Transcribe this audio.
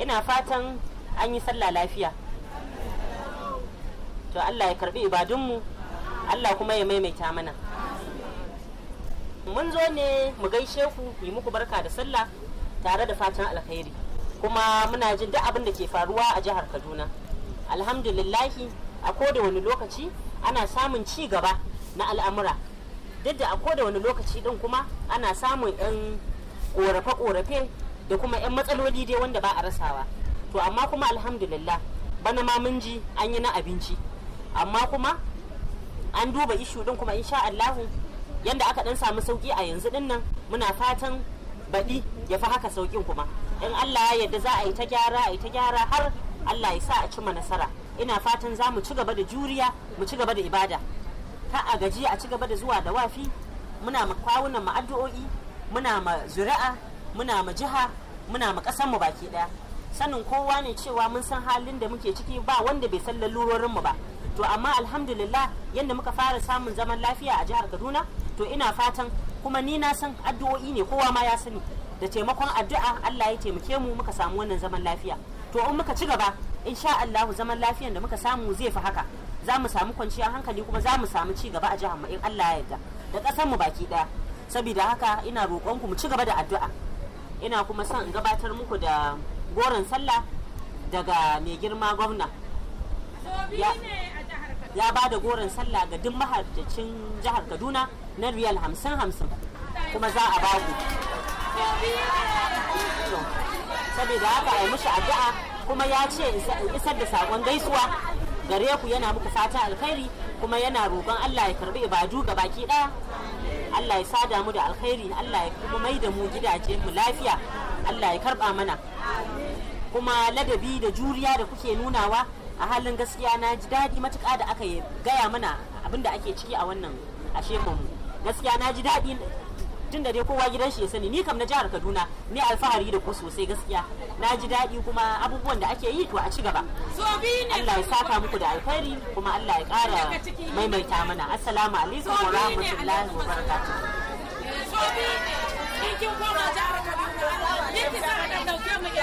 ina fatan an yi sallah lafiya to Allah ya karbi ibadunmu Allah kuma ya maimaita mana mun zo ne mu gaishe ku yi muku barka da sallah tare da fatan alkhairi kuma muna jin duk abin da ke faruwa a jihar Kaduna alhamdulillahi a koda wani lokaci ana samun ci gaba na al'amura duk da a koda wani lokaci din kuma ana samun 'yan korafe-korafe da kuma 'yan matsaloli dai wanda ba a rasawa to amma kuma alhamdulillah bana ma mun ji an yi na abinci amma kuma an duba ishu din kuma insha Allahu yanda aka dan samu sauki a yanzu din nan muna fatan baɗi ya fi haka saukin kuma in Allah ya yarda za a yi ta gyara a yi ta gyara har Allah ya sa a cimma nasara ina fatan za mu ci gaba da juriya mu ci gaba da ibada ka a gaji a ci gaba da zuwa da wafi muna ma kawunan mu addu'o'i muna ma zuri'a muna ma jiha muna ma ƙasar mu baki ɗaya sanin kowa ne cewa mun san halin da muke ciki ba wanda bai san lalurorin mu ba to amma alhamdulillah yadda muka fara samun zaman lafiya a jihar Kaduna to ina fatan kuma ni na san addu'o'i ne kowa ma ya sani da taimakon addu'a Allah ya taimake mu muka samu wannan zaman lafiya to in muka ci gaba insha Allah zaman lafiyan da muka samu zai fi haka za mu samu kwanciyar hankali kuma za mu samu ci gaba a jihar mu in Allah ya yarda da ƙasar mu baki ɗaya saboda haka ina roƙon mu ci gaba da addu'a ina kuma son in gabatar muku da goron sallah daga mai girma gwamna ya ba da goron sallah ga duk maharcin jihar kaduna na riyal hamsin hamsin kuma za a ba ku saboda haka a yi mushi addu'a kuma ya ce isar da sakon gaisuwa gare ku yana muku fata alkhairi kuma yana roƙon allah ya karbi ibadu ga baki ɗaya Allah ya sada mu da alkhairi Allah ya kuma mai da mu gidaje mu lafiya Allah ya karba mana kuma ladabi da juriya da kuke nunawa a halin gaskiya na ji daɗi matuƙa da aka gaya mana abin da ake ciki a wannan ashe mu gaskiya na ji daɗi tun da dai kowa gidan shi ya sani ni kam na jihar Kaduna ni alfahari da ku sosai gaskiya na ji daɗi kuma abubuwan da ake yi to a ci gaba Allah ya saka muku da alfahari kuma Allah ya ƙara maimaita mana assalamu alaikum wa rahmatullahi wa barakatuh